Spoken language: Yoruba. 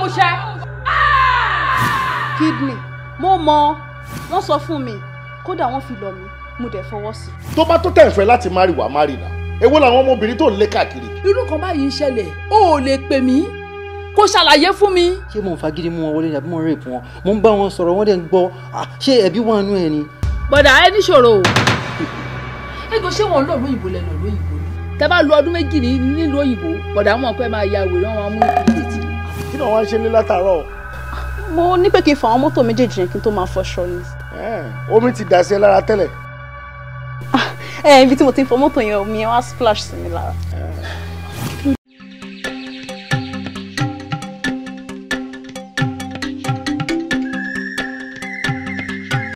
wá ah! kidney mo mọ wọn sọ fún mi kódà wọn fi lọ mi mo dẹ̀ fọwọ́ sí. tó bá tó tẹ̀ ń fẹ́ láti má rí wàá má rí náà èwo làwọn ọmọbìnrin tó ń lé káàkiri. irú kan báyìí ń ṣẹlẹ̀ o ò lè pè mí kó ṣàlàyé fún mi. ṣé mò ń fagídí mú wọn wọlé ni àbí mò ń rèé fún wọn mò ń bá wọn sọ̀rọ̀ wọ́n dẹ̀ ń gbọ́ ah, ṣé ẹ̀bí wọn nú ẹ ni. bọ̀dà ẹ níṣòro o. ego ṣé wọn lọ lóyìnbó lẹnu lóyìnbó ni. tẹ bá lu ọdún méjì nílùú òyìnbó bọ̀dà mọ̀ pé máa ya wèrè wọn máa mú títí náà wá ń ṣe lé látàárọ̀. mo ní pé kí n fọ àwọn mọ́tò méjèèjì yẹn kí n tó máa fọṣọ ni. omi ti dà sí ẹ lára tẹ́lẹ̀. Ah, ibi tí mo ti ń fọ mọ́tò yẹn omi yẹn wá splash sí mi lára.